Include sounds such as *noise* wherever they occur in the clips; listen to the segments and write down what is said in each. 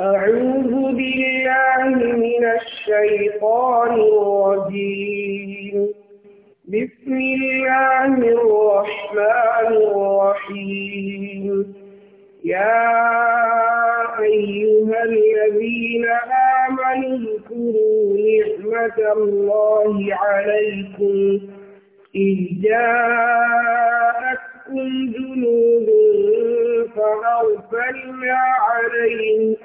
أعوذ بالله من الشيطان الرجيم بسم الله الرحمن الرحيم يا أيها الذين آمنوا اذكروا نعمة الله عليكم إذ جاءتكم جنود فأرسلنا عليهم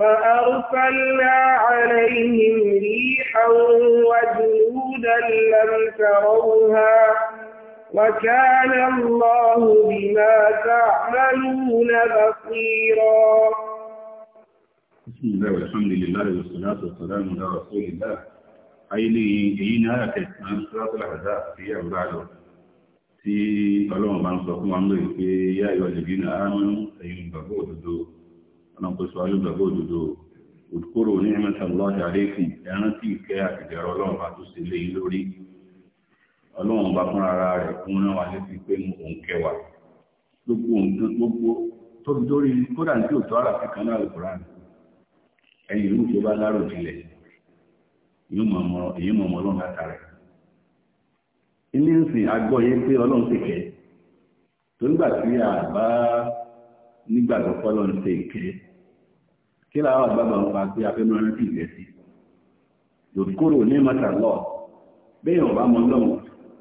فأرسلنا عليهم ريحا وجنودا لم تروها وكان الله بما تعملون بصيرا بسم الله والحمد لله والصلاة والسلام على رسول الله أي èyí ní صلاة ní في àdá sí في lọ tí ọlọ́run bá ń sọ fún wa ń lè pé ọlọ́run kò sọ alúgbàgbọ́ òdodo ní ìkẹ́ ọlọ́run bá tó lé lórí ọlọ́run bá fúnra ara rẹ̀ fún náà wà létí pé òun kẹwàá gbogbo nǹkan gbogbo tóbi lórí kódà ní òtọ́ àràfẹ́ kan náà àná ẹ̀yìn ìlú tó bá lárò jinlẹ̀ èyí mọ̀ ọmọ ọlọ́run látara ilé ń sìn agbọ́ yé pé ọlọ́run kẹ́ tó nígbà tí a nígbàgbọ́ kí làwọn àgbàgbà ń pa pé afẹ́nu ẹran tí ìgbẹ́ sí lòdìkúrò ní mọ́tà lọ bẹ́ẹ̀ ọ̀bá mọ́ lọ́wọ́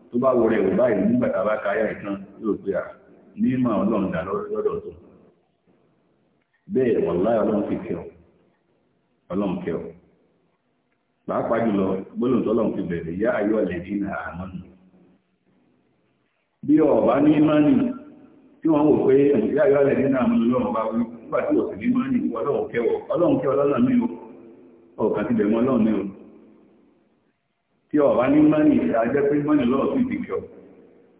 tó bá wọ rẹ̀ ọ̀bá ìlú nígbà tá a bá káyà ìtàn yóò pé à ní mọ́ ọlọ́run dà lọ́dọ̀ tó bẹ́ẹ̀ wọ̀lá ọlọ́run fi kẹ́ ọ ọlọ́run kẹ́ ọ pàápàá jùlọ gbólóhùn tó ọlọ́run fi bẹ̀rẹ̀ yá ayọ́ ọ̀lẹ́dí nà àmọ́nù bí ọ̀bá ní nígbà tí òsì ní máa ní ìwọ ọlọ́run kẹwọ ọlọ́run kẹ ọlọ́nà mi o ọ̀kan ti bẹ̀rẹ̀ ọlọ́run mi o tí ọ̀bá ní máa ní ìṣẹ́ ajẹ́ pé mọ́nì lọ́ọ̀ sí ìdíkẹ́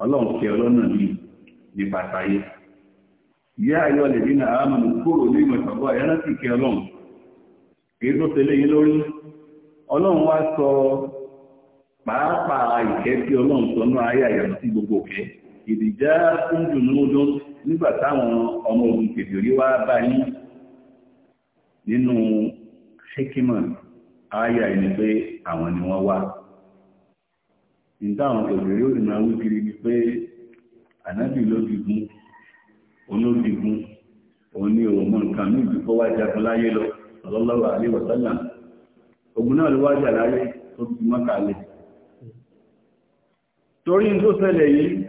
ọlọ́run kẹ ọlọ́nà mi ní pàtàyé yá ayọ́ lè dín náà àmọ́ kúrò ní ìmọ̀tàbọ̀ ẹ̀rọ sì kẹ ọlọ́run èyí tó tẹ̀lé yín lórí ọlọ́run wá sọ pàápàá ìkẹ́ tí ọlọ́run sọ náà ayé àyàtọ̀ sí gbogbo òkè ìdìjà kúndùn ní ọdún nígbà táwọn ọmọ ogun kèfèrí wá bá yín nínú ṣékímọ̀ ayà ẹni pé àwọn ni wọ́n wá nígbà àwọn kèfèrí ó nà wí kiri ni pé ànábì ló digun olódigun òun ni òun mọ nǹkan ní ìlú kó wá jagun láyé lọ sallallahu alaihi wasallam ogun náà ló wá jà láyé tó fi mọ́kàlẹ̀ torí tó ṣẹlẹ̀ yìí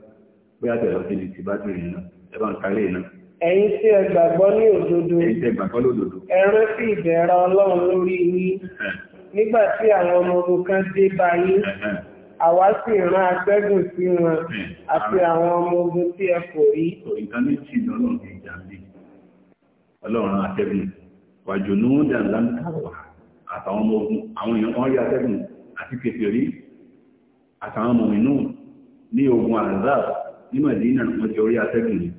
pé àtẹ̀lọ́ sí ni ti bá dùn yìí náà ẹ̀bá ń kálé náà. ẹ̀yin tí ẹ gbàgbọ́ ní òdodo ẹ rántí ìbẹ̀rẹ̀ ọlọ́run lórí yín nígbà tí àwọn ọmọ ogun kan dé bá yín àwa sì rán agbẹ́gùn sí wọn àti àwọn ọmọ ogun tí ẹ kò rí. ìtàn méjì lọ́lọ́run ti jà ń bí ọlọ́run atẹ́gùn wàjò ní wọ́n dà láńkàwà àtàwọn ọmọ ogun àwọn èèyàn wọ́n rí atẹ́gùn àti kèfèrí àtàwọn ọmọ inú ní ogun ní mẹ̀dínà wọ́n jẹ orí atẹ́gùn yìí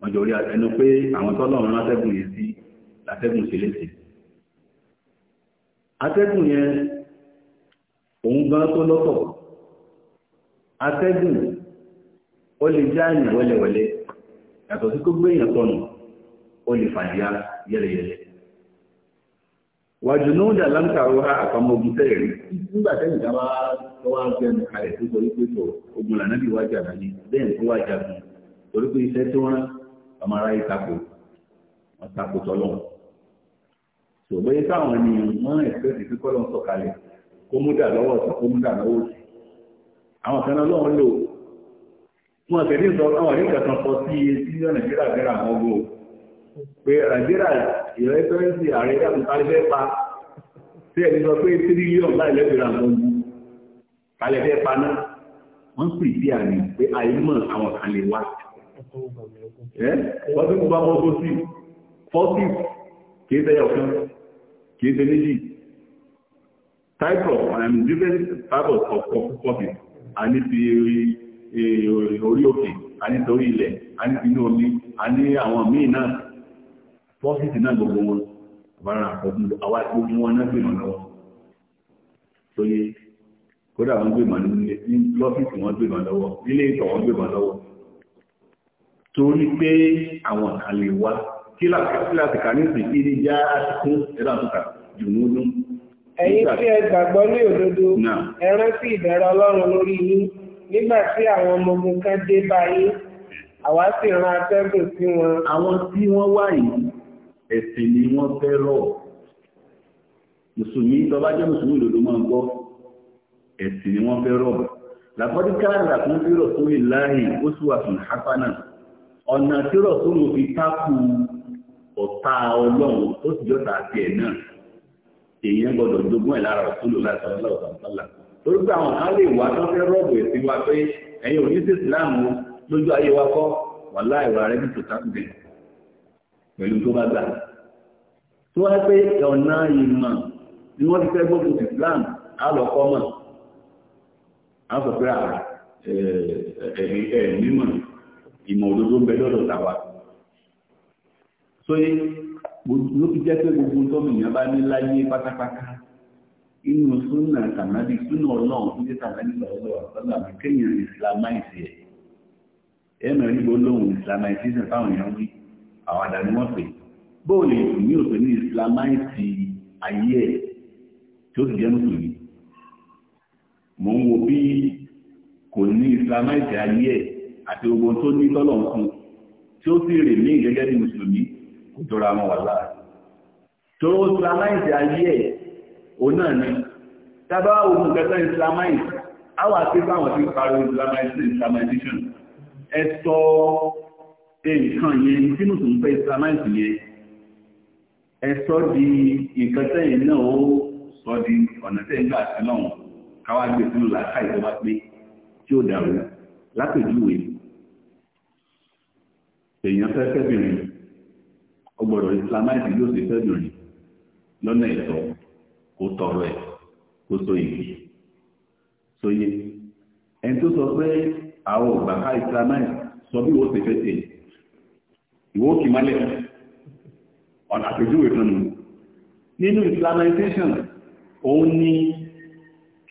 wọ́n jẹ orí ẹnu pé àwọn tọ́lọ́run látẹ́gùn yìí sí látẹ́gùn sí létí atẹ́gùn yẹn òun gan tó lọ́tọ̀ atẹ́gùn ó lè já èèyàn wẹ́lẹ́wẹ́lẹ́ yàtọ̀ sí kó gbé èèyàn sọnù ó lè fàyà yẹ́lẹ́yẹ́lẹ́ wàjùnú dà láǹkà rọ́hà àpamọ́ ogun tẹ́rẹ̀ rí pọ̀ ogun lànàbí wájà láyé bẹ́ẹ̀ tó wájà fún torí pé iṣẹ́ tí wọ́n rán ọmọ aráyé tako wọ́n tako tọ́lọ́run ṣùgbọ́n yìí táwọn ènìyàn wọ́n ẹ̀fẹ́sì pé kọ́lọ́n sọ̀kalẹ̀ kó mú dà lọ́wọ́ sí kó mú dà lọ́wọ́ sí àwọn kan náà lọ́wọ́ lò fún ọ̀sẹ̀ ní sọ àwọn àdéhùn kan sọ sí iye tí yọ nàìjíríà gbéra àwọn ọgbọ́n pé nàìjíríà ìrẹ́sẹ̀rẹ́sì ààrẹ yàtọ̀ fẹ́ pa tí ẹni sọ pé tírílíọ̀nù láì àwọn ọgbọ́n kalẹ̀ fẹ́ pa náà wọ́n pè sí àrí pé àìmọ̀ àwọn kan lè wá. wọ́n tún bá wọ́n kó sí fọ́tí kìí tẹ́yọ̀ kan kìí tẹ́ méjì type of um, different type of coffee a ní ti orí e, òkè a ní torí ilẹ̀ a ní inú omi a ní àwọn míì náà fọ́sìtì náà gbogbo wọn àbára àkọ́gbọ́n àwọn àti gbogbo wọn náà gbìmọ̀ kódà wọ́n gbé màá nílé lọ́fíìsì wọ́n gbé màá lọ́wọ́ nílé ìtọ̀ wọ́n gbé màá lọ́wọ́ torí pé àwọn kan lè wá kíláàsì kan ní ìsìn kiri já àtìkún ẹ̀dá àtúkà jùmúdún. ẹ̀yin tí ẹ gbàgbọ́ ní òdodo ẹ rántí ìbẹ̀rẹ̀ ọlọ́run lórí yín nígbà tí àwọn ọmọ ogun kan dé bá yín àwa sì ran atẹ́gùn sí wọn. àwọn tí wọ́n wá yìí ẹ̀sìn ni wọ́n fẹ́ rọ̀ mùsùlùmí tó mùsùlùmí òdodo máa ń gbọ́ ẹ̀sìn ni wọ́n fẹ́ rọ̀ làkọ́dí káàdà fún fírọ̀ tó lè láàyè ó sì wà fún hápánà ọ̀nà fírọ̀ tó lò fi tákù ọ̀tá ọlọ́run tó sì jọ́ta àti ẹ̀ náà èèyàn gbọ́dọ̀ jogún ẹ̀ lára ọ̀tún lò láti ọ̀tún lọ́wọ́ sàmùsàlà torí pé àwọn kan lè wá tó fẹ́ ọ̀nà ìmọ̀ ni wọ́n ti fẹ́ gbógun ìsìláàmù á a sọ pé ẹ̀ mímọ̀ ìmọ̀ òdodo ń bẹ lọ́dọ̀ tàwa sóyé ló fi jẹ́ pé gbogbo tọ́mìnìyàn bá ní láyé pátápátá inú súnà tànàbí súnà ọlọ́run tó jẹ́ tànàbí lọ́wọ́ ọ̀sọ́lá mi kéèyàn islamáìsì ẹ̀ ẹ̀ mọ̀ níbo lóhùn islamáìsísìn fáwọn èèyàn wí àwọn àdàní wọ́n pè bóòlù ìsìn ní òfin ní islamáìsì ayé ẹ̀ tí ó sì jẹ́ mùsùlùmí mò ń wo bí kò ní islamite ayé ẹ̀ àti gbogbo tó ní tọ́lọ̀ ń fún tí ó sì rè ní gẹ́gẹ́ bí mùsùlùmí kò jọra wọn wà láà tó islamite ayé ẹ̀ òun náà ni tábà òun kẹta islamite àwọn àti báwọn ti pariwo islamite islamitation ẹ sọ nǹkan yẹn tí mùsùlùmí fẹ́ islamite yẹn ẹ sọ di nǹkan tẹ́yìn náà ó sọ di ọ̀nà tẹ́yìn gbà sí náà káwá gbé sínú làákà ìjọba pé tí ó dàrú lápèjúwe èèyàn fẹ́ fẹ́bìnrin ọgbọ̀rọ̀ islamic yóò ṣe fẹ́bìnrin lọ́nà ìtọ́ kó tọrọ ẹ̀ kó so ìgbì sóyé ẹni tó sọ pé àwọn ògbàká islamic sọ bí wọ́n ṣe fẹ́ tẹ̀ ìwọ́ òkè mọ́lẹ̀ ọ̀nà àpèjúwe fún mi nínú islamization òun ni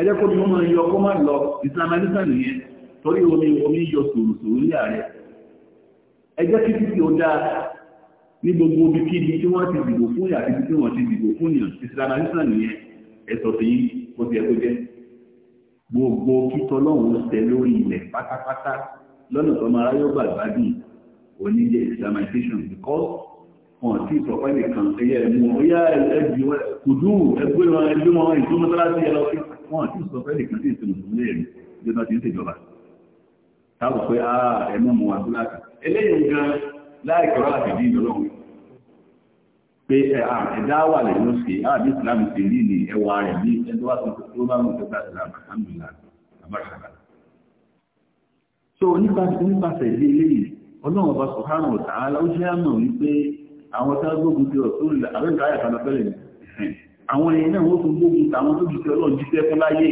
ẹjẹ́ kó ní wọ́n máa yọ kó máa lọ islamization nìyẹn torí omi omi yọ sòròsòrò ní ààrẹ ẹjẹ́ kí títí ó dáa ní gbogbo omi kíbi tí wọ́n ti dìbò fún ìyà títí tí wọ́n ti dìbò fún ìyàn islamization nìyẹn ẹ̀sọ̀ tí kò tiẹ̀ tó jẹ́ gbogbo kíkọ lọ́hùn ṣẹ lórí ilẹ̀ pátápátá lọ́nà tó máa ráyọ́ gbàgbádùn oníjẹ islamization because wọn tí ìsọ̀pẹ́ nìkan ẹyẹ ẹ̀mú ọyá ẹ̀ẹ́dì kùdú ẹgbẹ́ wọn ẹgbẹ́ wọn ìdúmọ́tálásí ẹlọ́fíìsì wọn àti sọ fẹ́ nìkan sí ìsinmi fún léèrè bí wọ́n ti ń ṣèjọba táwọn pé a ẹ̀mọ́ mọ́ wa síláàkì eléyìí gan láì kọ́rọ́ láti dín ìlọ́lọ́run pé ẹ̀dá wà lè ló ṣe á bí so nípasẹ̀ nípasẹ̀ ilé eléyìí ọlọ́run ọba sọ̀hánà ọ̀tá ó jẹ́ àmọ̀ wípé àwọn tá a gbógun ti ọ̀tún àbẹ́gbẹ́ àwọn ẹ̀yìn náà wọ́n tún gbógun tàwọn tó jùsẹ́ ọlọ́run jíṣẹ́ fún láyé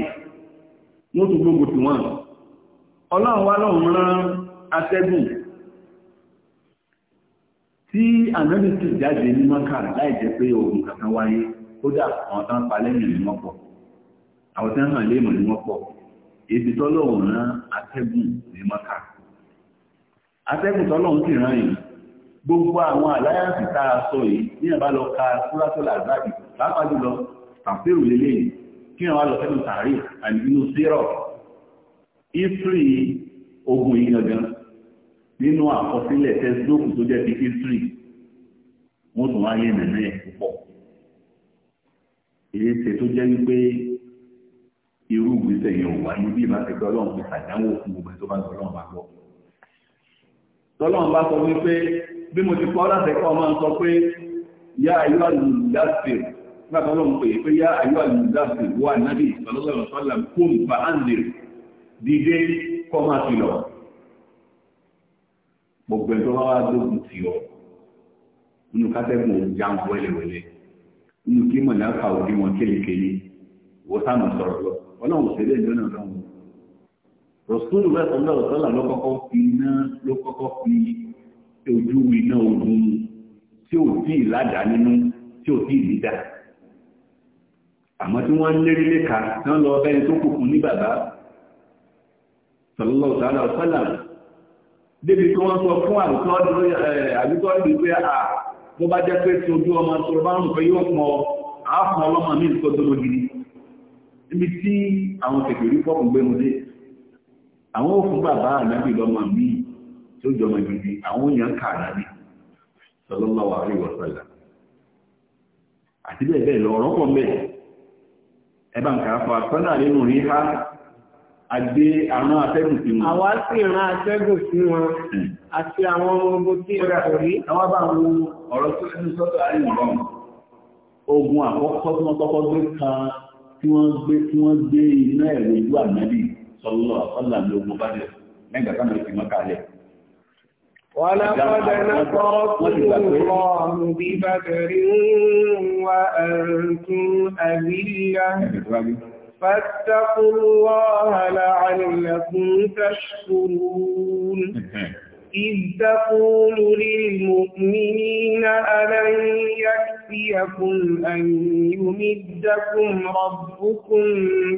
wọ́n tún gbógun tì wọ́n ọlọ́run wá lọ́run rán atẹ́gùn tí ànábì sì jáde ní mọ́kà láì jẹ́ pé ogun kankan wáyé kódà àwọn tán pa lẹ́yìn ní wọ́n pọ̀ àwọn tán hàn léèmọ̀ ní wọ́n pọ̀ èdè tọ́lọ́run rán atẹ́gùn ní mọ́kà atẹ́gùn tọ́lọ́run sì rán yìí gbogbo àwọn àláyàǹsì tá a sọ yìí ní ẹ̀bá lọ ka súrátọ́lá àgbàdì pàápàá jùlọ tàfẹ́rù lélẹ̀ yìí kí wọ́n wá lọ fẹ́nu tààrí àti inú sírọ̀ history ogun yìí gangan nínú àkọsílẹ̀ tẹ́sídókù tó jẹ́ ti history wọ́n tún wáyé nínú ẹ̀ púpọ̀ èyí ṣe tó jẹ́ wípé irú ìgbésẹ̀ yẹn ò wáyé bí ìbá ti gbọ́ ọlọ́run fi ṣàdánwò fún gbogbo ẹ̀ tó bá gbọ́ bá gbọ́ tọ́lọ́run sọ wípé bí mo ti kọ́ láti ẹ̀kọ́ ọmọ sọ pé yá ayọ́ àlùdáṣẹ̀ látọ́lọ́ ń pè pé yá ayọ́ àlùdáṣẹ̀ wà nábì sallallahu alaihi wasallam kún fa áńdè dídé kọ́ máa ti lọ gbogbo ẹ̀tọ́ wá lóògùn ti ọ nínú kátẹ́gùn òjàm wẹ́lẹ̀wẹ́lẹ̀ nínú kí mọ̀ láfà òbí wọn kélékélé wọ́n sáàmù sọ̀rọ̀ lọ ọlọ́run òṣèlú ẹ̀jọ́ náà lọ́wọ́ rọ̀sùn rẹ̀ sọ́lọ́rọ̀ sọ́là ló kọ́kọ́ fi iná ló kọ́kọ́ fi ojú iná ogun mu tí ò tí ì ládàá nínú tí ò tí ì dídà àmọ́ tí wọ́n ń lérí léka tán lọ bẹ́ni tó kù fún ní bàbá sallallahu ta'ala sallam débi tí wọ́n sọ fún àbíkọ́ ìlú pé à bó bá jẹ́ pé tí ojú ọmọ tó bá ń pẹ́ yóò pọ̀ àáfọ̀ ọlọ́mọ mi nǹkan tó lógiri níbi tí àwọn kèkèrí fọ́kùn gbé mu dé àwọn òfin bàbá ànábì lọ́mọ míì tí ó jọmọ gidi àwọn èèyàn kà nábì sallallahu alaihi wa sallam àti bẹ́ẹ̀ bẹ́ẹ̀ lọ ọ̀rọ̀ pọ̀ mẹ́ ẹbá ń kàá fa sọ́nà nínú rí ha agbé àrùn atẹ́gùn sí wọn àwọn sì rán atẹ́gùn sí wọn àti àwọn ọmọ tí ó kò rí àwọn bá wọn ọ̀rọ̀ tó lẹ́nu sọ́tọ̀ àárín ọ̀rọ̀ ogun àkọ́kọ́ tí wọ́n kọ́kọ́ gbé kan tí wọ́n gbé tí wọ́n gbé iná ẹ̀rọ ìlú ànábì sallallahu alaihi bá dẹ̀ mẹ́gbàá sánà ولقد نصركم الله ببدر وأنتم أذلة يعني فاتقوا الله لعلكم تشكرون إذ تقول للمؤمنين ألن يكفيكم أن يمدكم ربكم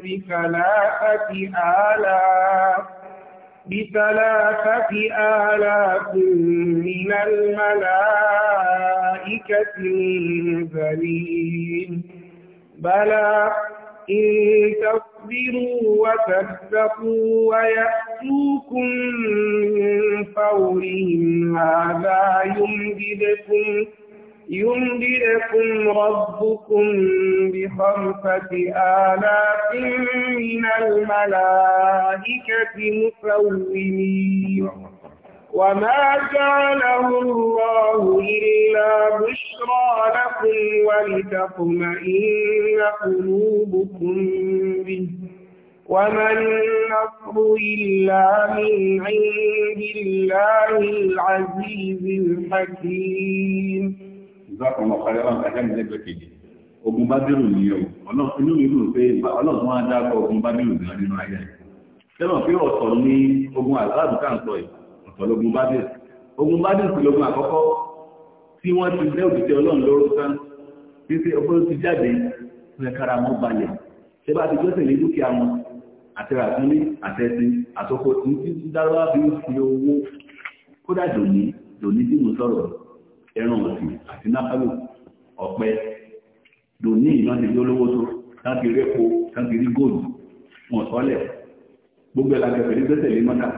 بثلاثة آلاف بثلاثة آلاف من الملائكة منزلين بلى إن تصبروا وتتقوا ويأتوكم من فورهم هذا يمددكم ينبئكم ربكم بخمسة آلاف من الملائكة مسومين وما جعله الله إلا بشرى لكم ولتطمئن قلوبكم به وما النصر إلا من عند الله العزيز الحكيم ìzọ́kàn ọ̀kọ̀rẹ́ ọ̀rọ̀ ẹ̀jẹ̀ mi lẹ́gbẹ̀ẹ́ kejì ogun bábírù ni o inú mi dùn pé ọlọ́run wá dákọ̀ ogun bábírù gan nínú ayé rẹ̀ tẹ́lọ̀ pé ọ̀tọ̀ ní ogun àzáàbù káàntọ̀ yìí ọ̀tọ̀ lógun bábírù ogun bábírù sí lógun àkọ́kọ́ tí wọ́n ti lé òkìtẹ́ ọlọ́run lóró tán tí ṣe ọgbọ́n ti jáde fún ẹ̀kára mọ́ balẹ̀ ṣé ẹran ọ̀sìn àti nákàlù ọ̀pẹ lòní ìlànà ìlú olówó tó láti rí epo láti rí góòlù wọn sọlẹ̀ gbogbo ẹ̀làjọ pẹ̀lú gbẹ́sẹ̀ lé mọ́ta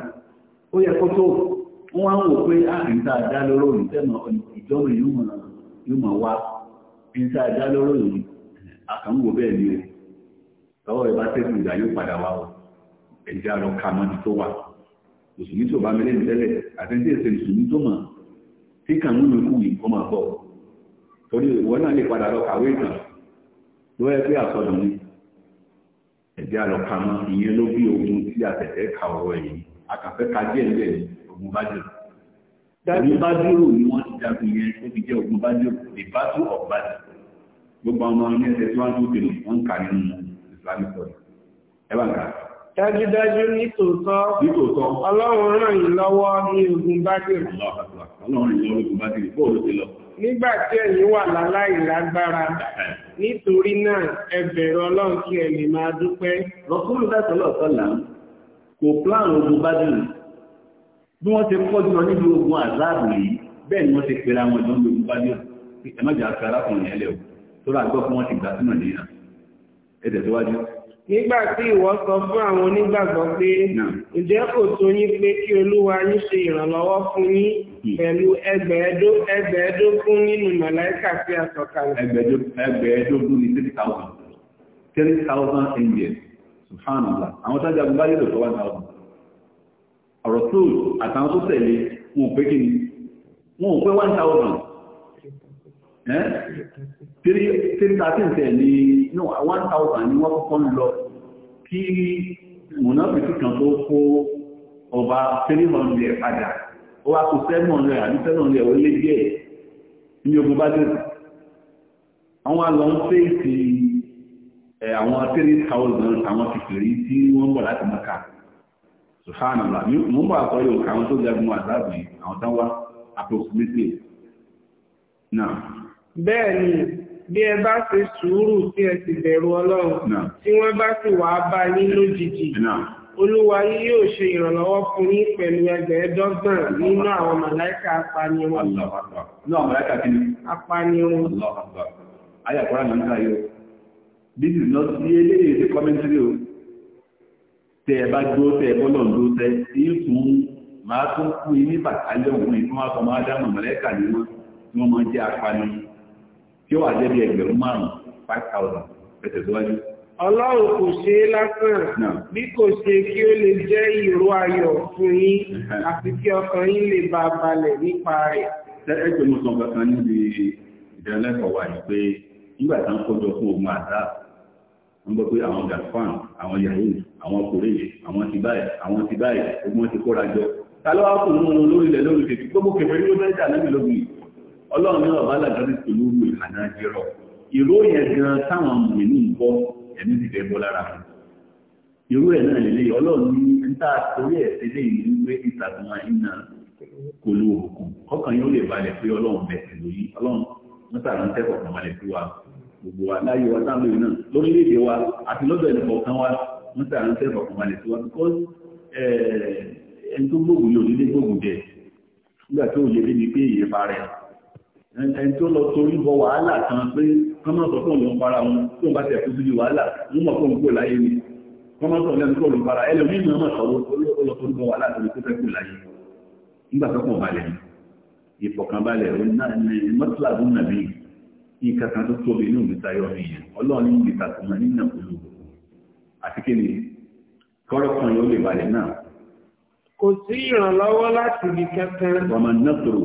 ó yẹ kó tó wọ́n á wò pé àrùn ah, tá a dá lóró òyìn tẹ́nà ìjọba yóò mọ̀ wá bí tá a dá lóró òyìn àkànwò bẹ́ẹ̀ ni o lọ́wọ́ ìbá tẹ́sùn ìgbà yóò padà wá o ẹ̀jẹ̀ àlọ́ kà mọ́ni tó wà òṣùmí tó bá mi lẹ́nu tẹ́lẹ̀ àtẹ́ńtẹ́ ìṣèlú òṣùmí tó mọ̀ tí kàn ń lù kúwì kó máa bọ̀ torí ìwọ náà lè padà lọ kàwé ìtàn ló yẹ pé àsọdùn ni ẹ̀jẹ̀ àlọ́kàmọ́ ìyẹn ló bí ogun tí àtẹ̀tẹ̀ ka ọ̀rọ̀ ẹ̀yìn akàfẹ́ ka díẹ̀ níbẹ̀ ogun bá dùn ogun bá dúró ni wọ́n ti jagun yẹn tó fi jẹ́ ogun bá dùn the battle of bad gbogbo àwọn ọmọ ní ẹsẹ̀ tí wọ́n ń tó tèlè wọ́n ń kà nínú dájúdájú nítòótọ́ ọlọ́run ràn yín lọ́wọ́ ní ogun bádìrì nígbà tí ẹ̀yin wà láláì lágbára nítorí náà ẹ bẹ̀rù ọlọ́run kí ẹ lè máa dúpẹ́ rọ̀kúrú dátọ́lọ̀ sọ́là kò pláàn ogun bádìrì bí wọ́n ti kọ́ jùlọ níbi ogun àzáàbù yìí bẹ́ẹ̀ ni wọ́n ti pèrè àwọn ìjọ ogun bádìrì ẹ̀mọ́jà fẹ́ arákùnrin ẹlẹ́wọ̀ tó rà gbọ́ fún wọn ti gbà sínú nìyà ẹ̀tẹ̀síwájú nígbà tí fun sọ fún àwọn onígbàgbọ́ pé ǹjẹ́ kò tó yín pé kí olúwa yín ṣe ìrànlọ́wọ́ fún yín pẹ̀lú ẹgbẹ̀ẹ́dógún nínú màláíkà tí a egbe ẹgbẹ̀ẹ́dógún thousand thousand indian to one thousand wọn pe wọn 313 ní no 1000 ni wọ́n kọ́kọ́ ń lọ kí mùnáfíkì kan tó kó ọba 300 padà ó wá kó 700 àbí 700 ó lé díẹ̀ ní ogun bá dé àwọn alọ ń fèsì àwọn 3000 àwọn kìkìrí tí wọ́n bọ̀ láti mọ́ka sùhánàlá mú bọ̀ àkọ́yọ̀ àwọn tó jagun àzáàbì àwọn tánwá approximately now bẹ́ẹ̀ bí ẹ bá ṣe sùúrù tí ẹ sì bẹ̀rù ọlọ́run tí wọ́n bá sì wà bá yín lójijì olúwa yóò ṣe ìrànlọ́wọ́ fún yín pẹ̀lú ẹgbẹ̀ẹ́dọ́gbọ̀n nínú àwọn màláìka apanirun this is not the the commentary o tẹ ẹ bá dúró tẹ ẹ bọ́lọ̀ ń dúró tẹ ẹ fún máa tún fún yín ní òun ìfún wa sọ máa ní wọn tí wọ́n máa jẹ́ apanirun tí ó wà jẹ́ bí ẹgbẹ̀rún márùn-ún five thousand ẹsẹ̀ síwájú. ọlọ́run kò ṣe é lásán bí kò ṣe kí ó lè jẹ́ ìró ayọ̀ fún yín àti kí ọkàn yín lè bá a balẹ̀ nípa rẹ̀. ẹ pé mo sọ kankan níbi ìdánilẹ́kọ̀ọ́ wa yìí pé nígbà tá à ń kọjọ fún ogun àdá wọ́n gbọ́ pé àwọn gafan àwọn yahoo àwọn kòrèyè àwọn ti báyìí àwọn ti báyìí ogun ti kóra jọ ta ló wá kù nínú olórí ilẹ̀ lórí kèké gbogbo kèké ló bẹ́ẹ̀ jà lẹ́yìn lógun yìí ọlọ́run ní ọ̀bá làgbàdì pẹ̀lú ìhànà jẹ́rọ ìró yẹn gan táwọn mìíràn ń bọ́ ẹ̀mí ti fẹ́ bọ́ lára wọn irú ẹ̀ náà lélẹ̀ ọlọ́run ní níta torí ẹ̀ sílé ìlú pé ìtàkùn iná kò lo òkun ọkàn yóò lè balẹ̀ pé ọlọ́run bẹ̀ sí lóyí ọlọ́run níta ló ń tẹ́kọ̀ọ́ kan balẹ̀ sí wa gbogbo wa láyé wa sáà lóyún náà lórílẹ̀-èdè wa àti lọ́dọ̀ ẹ̀nì kọ̀ọ̀kan wa níta ló ń tẹ́kọ̀ọ́ kan balẹ̀ sí wa because eh, ẹni tó gbógun yóò nílé gbógun jẹ nígbà tó yẹ débi pé ìyẹn bá rẹ̀ ẹni tó lọ torí bọ wàhálà kan pé wọ́n máa sọ fóònù para wọn tó ń bá tẹ̀ fúdú wàhálà wọ́n mọ̀ fóònù kò láyé ni wọ́n máa sọ lẹ́nu fóònù para ẹlòmíì náà mọ̀ sọ̀rọ̀ ó lọ torí bọ wàhálà torí kó fẹ́ kò láyé nígbà tó kàn balẹ̀ ìfọ̀kànbalẹ̀ mọ́tìláàbù nàbí nǹkan kan tó tóbi inú ìgbésà yọ mi yẹn ọlọ́run ní ìgbésà tó máa nínú olùgbò àti kí ni kọ́rọ̀ kan yóò lè balẹ̀ náà. kò sí ìrànlọ́wọ́ láti ibi kankan. ọmọ náà sọ̀rọ̀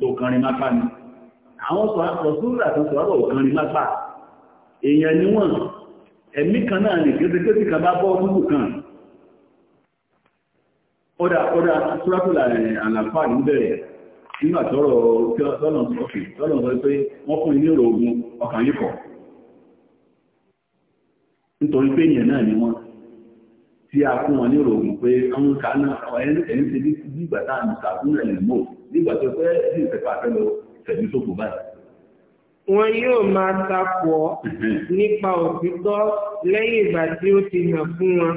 tó kànrin mápá ni àwọn sọ̀rọ̀ àti sọ̀rọ̀ kànrin mápá èèyàn ni wọ́n ẹ̀mí kan náà ní kétekéte kan bá bọ́ dúdú kan ọ̀dà ọ̀dà sọ́rọ̀kùlà àlàfà ní bẹ̀rẹ̀ nígbà tọ́rọ̀ tọ́lọ̀ sọ pé wọ́n fún ilé ìrò ogun ọkàn yíkọ̀ nítorí pé èèyàn náà ni wọ́n tí a fún wọn ní ìròyìn pé àwọn kan náà ẹni tẹ̀lé ti bí ìgbà tá à ń ta fún ẹ̀lẹ́ mọ́ nígbà tó fẹ́ sí ìfẹ́fà fẹ́ lọ tẹ̀lé sóko báyìí. Wọn yóò máa takọ̀ *laughs* nípa òtítọ́ lẹ́yìn ìgbà tí ó ti hàn fún wọn.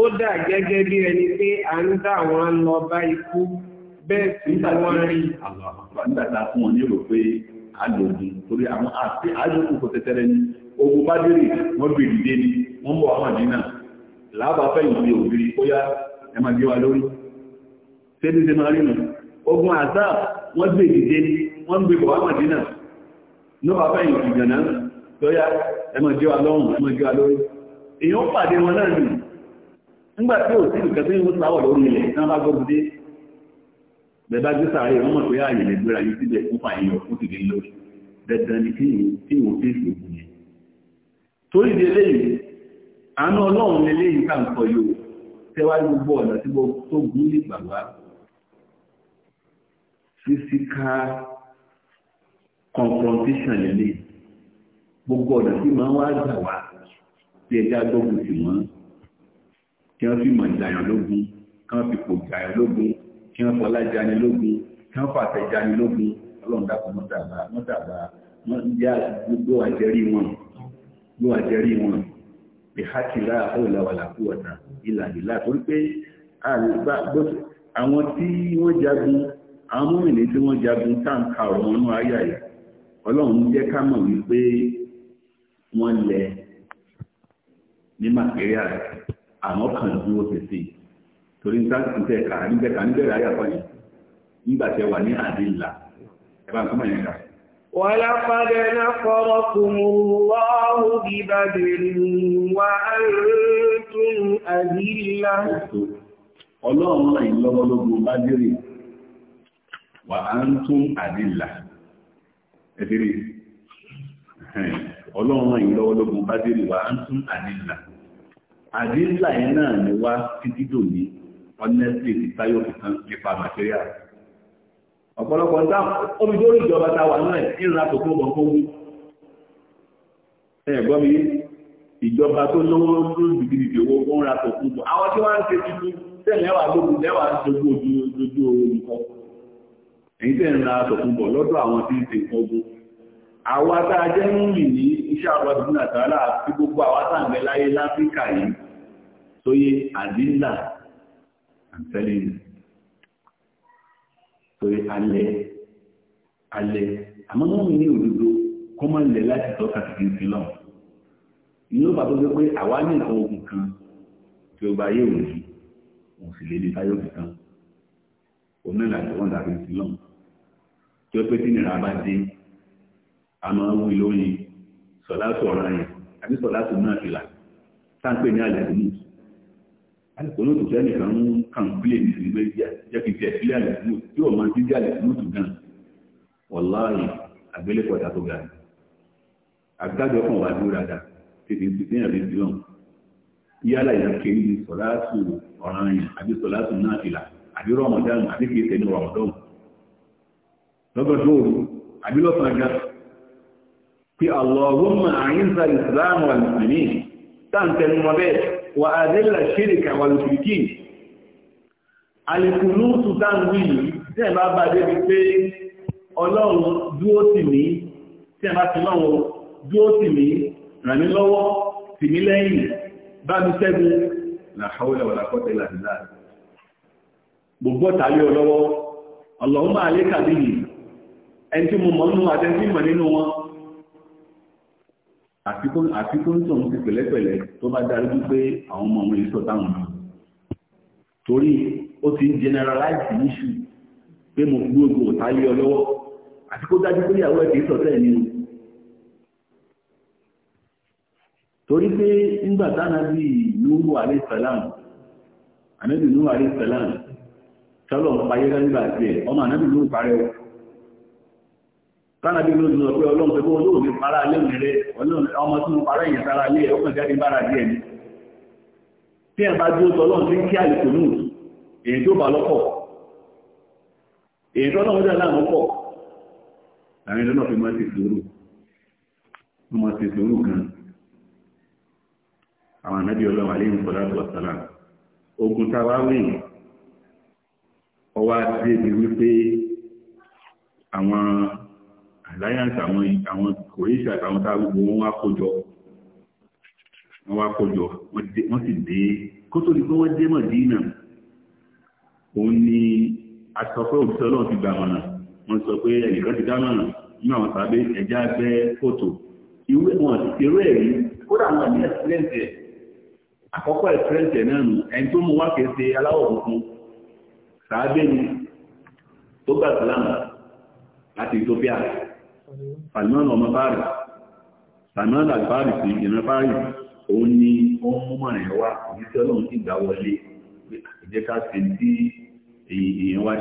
Ó dà gẹ́gẹ́ bí ẹni pé à ń dà wọ́n lọ bá ikú bẹ́ẹ̀ sí wọ́n rí. Nígbà tá a fún wọn ní ìrò pé a lòdì torí àwọn àti àjọkù kò ni. Ogun bá dé rè wọ́n gbèdìde ni wọ́n bọ̀ àwọn àdínà lábàáfẹ́ ìgbé òbírí kóyá ẹmà gbé wa lórí tẹ́lú ṣe máa rínà ogun àzá wọ́n gbé ìdíje wọ́n gbé bọ̀ ámàdínà lọ́bàáfẹ́ ìgbìyànà lọ́yá ẹmà gbé wa lọ́rùn ẹmà gbé wa lórí èyàn pàdé wọn náà nù nígbà tí ò sí nǹkan tó yíwọ́ sáwọ̀ lórí ilẹ̀ náà bá gbọ́ budé bẹ̀bá gbé sáré wọn mọ̀ pé ààyè lè gbéra yìí síbẹ̀ fún fàyẹ̀yọ̀ fún tìlé lórí dandan ni kí ìwọ̀n fèsì ògùn yẹn torí di eléyìí àánú ọlọ́run lè léyìn ká nǹkan yóò tẹ́wájú gbogbo ọ̀nà tí mo tó gún ní ìgbàgbá physical confrontation lélẹ̀ gbogbo ọ̀nà tí máa ń wá gbà wá bí ẹja gbógun tì wọ́n kí wọ́n fi mọ̀ ìjàyàn lógun kí wọ́n fi kò jàyàn lógun kí wọ́n fọlá jani lógun kí wọ́n fàtẹ̀ jani lógun ọlọ́run dákun mọ́tàbá mọ́tàbá wọ́n jẹ́ gbogbo àjẹrí wọn gbogbo àjẹrí wọn ìhàkìlá òlàwàlà kúwọ̀tà ìlàlìlà tó pé àwọn tí wọ́n jagun àwọn mọ́mìnì tí wọ́n jagun táǹkà ọ̀rọ̀ ọ̀nà ayáyà ọlọ́run jẹ́ ká mọ̀ wípé wọ́n lẹ ní màkíríà àmọ́ kàn ní ó fèsì torí nígbẹ̀ka níbẹ̀rẹ̀ ayàpọ̀ yìí nígbàtẹ̀ wà ní àdínlà ẹ̀bá ń kọ́mọ̀ yẹn kà ولقد نصركم الله ببدر وأنتم أذلة Ọlọ́run ràn ìlọ́wọ́ lógun bá dìrì wà á ń tún ọlọ́run ràn ìlọ́wọ́ bá wà á ń tún ẹ̀ náà ni wá títí ní, táyọ̀ nípa material. ọ̀pọ̀lọpọ̀ ń dáhùn omi tó rí ìjọba ta wà náà ìrìnà tó kún bọ̀n fún ẹ gbọ́ mi ìjọba tó lówó lórí ìdìbìdì owó ó ń ra tó kún bọ̀n àwọn tí wọ́n ń ṣe tuntun tẹ̀lẹ́wà gbogbo lẹ́wà dojú ojú owó nìkan èyí tẹ̀ ń ra tó kún bọ̀n lọ́dọ̀ àwọn tí ń ṣe nǹkan ogun àwa tá a jẹ́ ń rìn ní iṣẹ́ àwọn ìdúnà tààlà àti gbogbo àwa tá à ń bẹ láyé láfíríkà yìí sóyè àdínlà àǹtẹ́lẹ́yìn torí alẹ́ alẹ́ àmọ́ wọ́n mi ní òdodo kó má lẹ̀ láti tọ́ka kìkì sí lọ inú bàbá tó pé àwa ní nǹkan ogun kan tí ó bá yé òun yìí òun sì lè lè táyọ̀ kankan òun náà làjọ wọn dàbí sí lọ tí ó pé tí nìra bá dé a máa ń wí lórí sọ̀lá sọ̀rọ̀ yẹn àbí sọ̀lá sọ̀rọ̀ náà fìlà táǹpẹ̀ ní àlẹ́ àdúgbò olóòtú fẹ́ nìkan ń kàn ń pílè ní ìgbé jẹ́ kí n fi ẹ̀sílẹ̀ àlẹ́kùnú tí ó máa ti jẹ́ àlẹ́kùnú tù gan wọ̀láàyè àgbélẹ̀kọ̀ ọ̀tà tó ga àgbájọ kan wà ní rada tètè ti dín àbí sí lọ́n yálà ìyá kéré ní sọ̀láàtù ọ̀ràn yẹn àbí sọ̀láàtù náà ìlà àbí rọmọdán àbí kìí tẹ̀lé rọmọdán lọ́gọ́dọ̀ àbí lọ́sàn pé àlọ́ ọgbọ́n àyínzà ìsìlámù àlùmí táǹtẹ̀ ní wọn bẹ́ẹ̀ wà àdílẹ̀ ṣíríkà wà lùfìkì alìkùnú tùtàǹwì tí ẹ̀ bá bá débi pé ọlọ́run dúó tì mí tí ẹ̀ bá ti lọ́wọ́ dúó tì mí ràn mí lọ́wọ́ tì mí lẹ́yìn bá mi ṣẹ́gun làhàwọ́lẹ̀ wà lákọ́tẹ̀ làdìlá gbogbo tàbí ọlọ́wọ́ ọlọ́run máa lé kàbíyì ẹni tí mo mọ̀ nínú àtẹ́sí mọ̀ nínú wọn àfikún tó ń ti pẹ̀lẹ́pẹ̀lẹ́ tó bá darí wípé àwọn ọmọ òun èso táwọn ọmọ torí ó ti ń generalize níṣù pé mo gbogbo ọ̀tá lé ọ lọ́wọ́ àti kó dájú pé ìyàwó ẹ̀kì sọ̀tẹ́ ni o torí pé nígbà tánábì Nuhu alayhi salam anábì Nuhu alayhi salam tọ́lọ̀ ń payé lọ́gbà tiẹ̀ ọmọ anábì Nuhu parẹ́ o kánà bí lójú lọ ọlọ́run pé bóòlù òní para ilé òmìnire ọmọ tí mo para èyàn sára ilé ọkàn jáde bára tí ẹ̀ bá dúró tọ́ tí ń kí àlùkò èyí tó lọ́pọ̀ èyí láàmú pọ̀ àwọn náà fi máa ti sòrò máa ti sòrò àwọn ọlọ́run alliance àwọn àwọn croatia àtàwọn tá gbogbo wọn wá kójọ wọn wá kójọ wọn sì dé kó tó di pé wọn dé mọ̀dínà òun ni asọpẹ́ òṣìṣẹ́ ọlọ́run ti gbà mọ̀nà wọn sọ pé ẹnìkan ti dámọ̀nà nínú àwọn tàbí ẹja abẹ́ fòtò ìwé wọn ìrú ẹ̀rí kódà wọn ní ẹ̀sìlẹ̀ǹtì ẹ̀ àkọ́kọ́ ẹ̀sìlẹ̀ǹtì ẹ̀ náà nù ẹni tó mú wá kéde aláwọ̀ funfun sàábẹ́ni tó gbà sílámù láti Ethiopia Salman ọmọ Paris, Salman al-Paris sí ìran Paris, òun ni ó ń mú mọ̀rìn wá, òjíṣẹ́ ọlọ́run ti gbà wọlé, ìjẹ́ ká ṣe tí èèyàn wá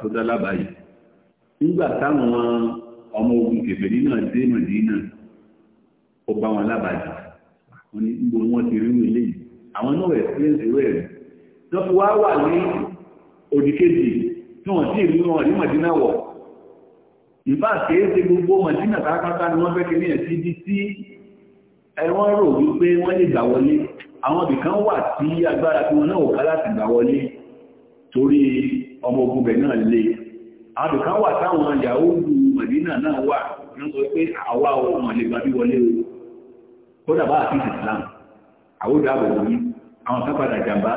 tó dá lábàáyé. Nígbà táwọn ọmọ ogun kèfèrí náà dé Mọ̀dínà, ó bá wọn lábàájá. Wọ́n ní gbogbo wọn ti rí ilé yìí. Àwọn náà rẹ̀ sílẹ̀ sí rẹ̀ rí. Wọ́n fi wá wà ní òdìkejì tí wọ́n sì rí wọn rí Mọ̀dínà wọ̀ ìbá kéèsè gbogbo mọ̀dínà kárakáta ni wọ́n fẹ́ kéré ẹ̀ síbi tí ẹwọ́n rò wípé wọ́n lè gbà wọlé àwọn ibìkan wà tí agbára tí wọ́n náà wò ká láti gbà wọlé torí ọmọ ogun bẹ̀ náà lè àwọn ibìkan wà táwọn yahoo mọ̀dínà náà wà wọ́n sọ pé àwa ọmọ lè gbà bí wọlé o kódà bá àti Islam àwòdà àbòwò yìí àwọn kan padà jàmbá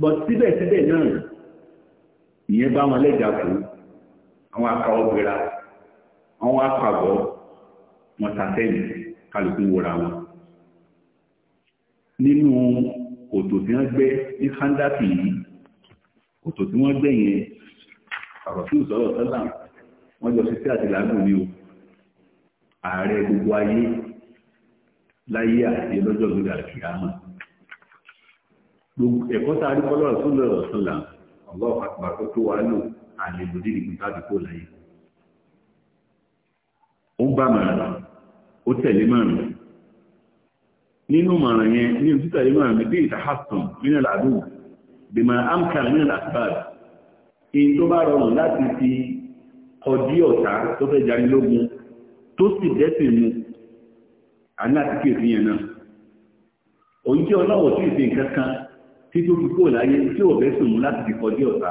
bọ̀ síbẹ̀síbẹ̀ náà ìyẹn bá wọn lẹ́jà kùú àwọn akáwọ́gbéra àwọn apàgọ́ wọn tàtẹ́yìn kálukú wọra wọn nínú kòtò tí wọ́n gbẹ́ ní kándákì yìí kòtò tí wọ́n gbẹ́ yẹn ọ̀rọ̀ sí ìsọ̀rọ̀ sọ́là wọ́n jọ sí sí àtìlágùn ni o ààrẹ gbogbo ayé láyé àti lọ́jọ́ gbogbo àkìyàmọ́ ẹ̀kọ́ tá a rí kọ́lọ́rọ̀ sọ́là ọ̀gá tó wà lò àlejò dídì kí bá dùkú láyé ó bá màrán ó tẹ̀lé màrán nínú màrán yẹn ní ojú tẹ̀lé màrán bí ìtàhásùn nínú àdúgbò bí màrán amkar nínú àtibáàdì kí n tó bá rọrùn láti fi kọjí ọ̀tá tó fẹ́ jarí lógun tó sì dẹ́sìn mu àní kéèfì yẹn náà òun jẹ́ ọlọ́wọ́ tí ìsìn kankan tí tó fi kó láyé tí ò bẹ́sùn mú láti fi kọjí ọ̀tá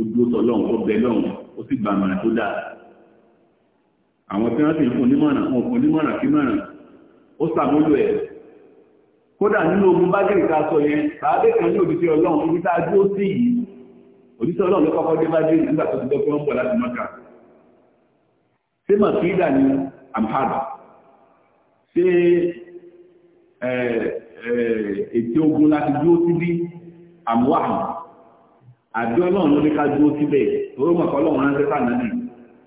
ojú sọ lọ́hùn kó bẹ lọ́hùn ó sì gba àmàrà tó dáa àwọn tí wọ́n sì ń fún onímọ̀ràn wọn fún onímọ̀ràn kí mọ̀ràn ó sàmúlò ẹ̀ kódà nínú ogun bágẹ́rì ká sọ yẹn tàbí kan ní òdìsẹ́ ọlọ́run ibi tá a dúró sí yìí òdìsẹ́ ọlọ́run ló kọ́kọ́ dé bágẹ́rì nígbà tó ti dọ́ pé wọ́n bọ̀ láti mọ́kà ṣé màkìdà ni amhara ṣé ètò ogun láti dúró síbí àmúwàhùn àbí ọlọ́run ló ní ká dúró síbẹ̀ torí mọ̀ ọlọ́run ránṣẹ́ sànàbì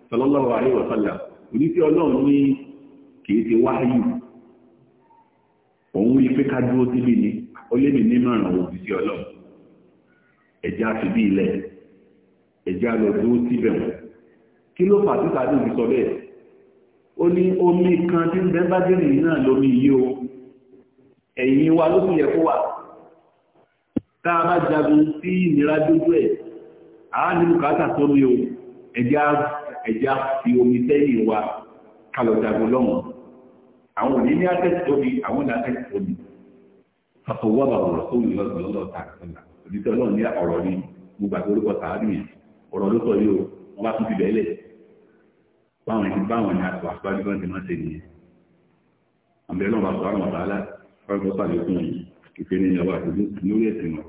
sallallahu alaihi wasallam òní tí ọlọ́run ní kìí ṣe wáyù òun yí pé ká dúró síbí ni ó lé mi nímọ̀ràn òbí sí ọlọ́run ẹ̀já fi bí ilẹ̀ ẹ̀já lọ dúró síbẹ̀ wọn kí ló omi kan tí ń bá dé nìyí náà lómi wa ló tá a bá jagun sí ìnira dójú ẹ̀ àá ní bùkátà tó rí o ẹja fi omi tẹ́yìn wa kalọ̀ jagun lọ́wọ́ àwọn òní ní atẹ́sítọ́bi àwọn ní atẹ́sítọ́bi fàtọ̀ wọ́bà ọ̀rọ̀ tó yìí lọ́sọ̀ lọ́dọ̀ ta àkọsílà òdìtẹ́ ọlọ́run ní ọ̀rọ̀ ni mo gbàgbé orúkọ sàárì yẹn ọ̀rọ̀ ló ní báwọn ní àtọ̀ ìfẹ́ ní ìyàwó àtijọ́ ní ẹ̀sìn náà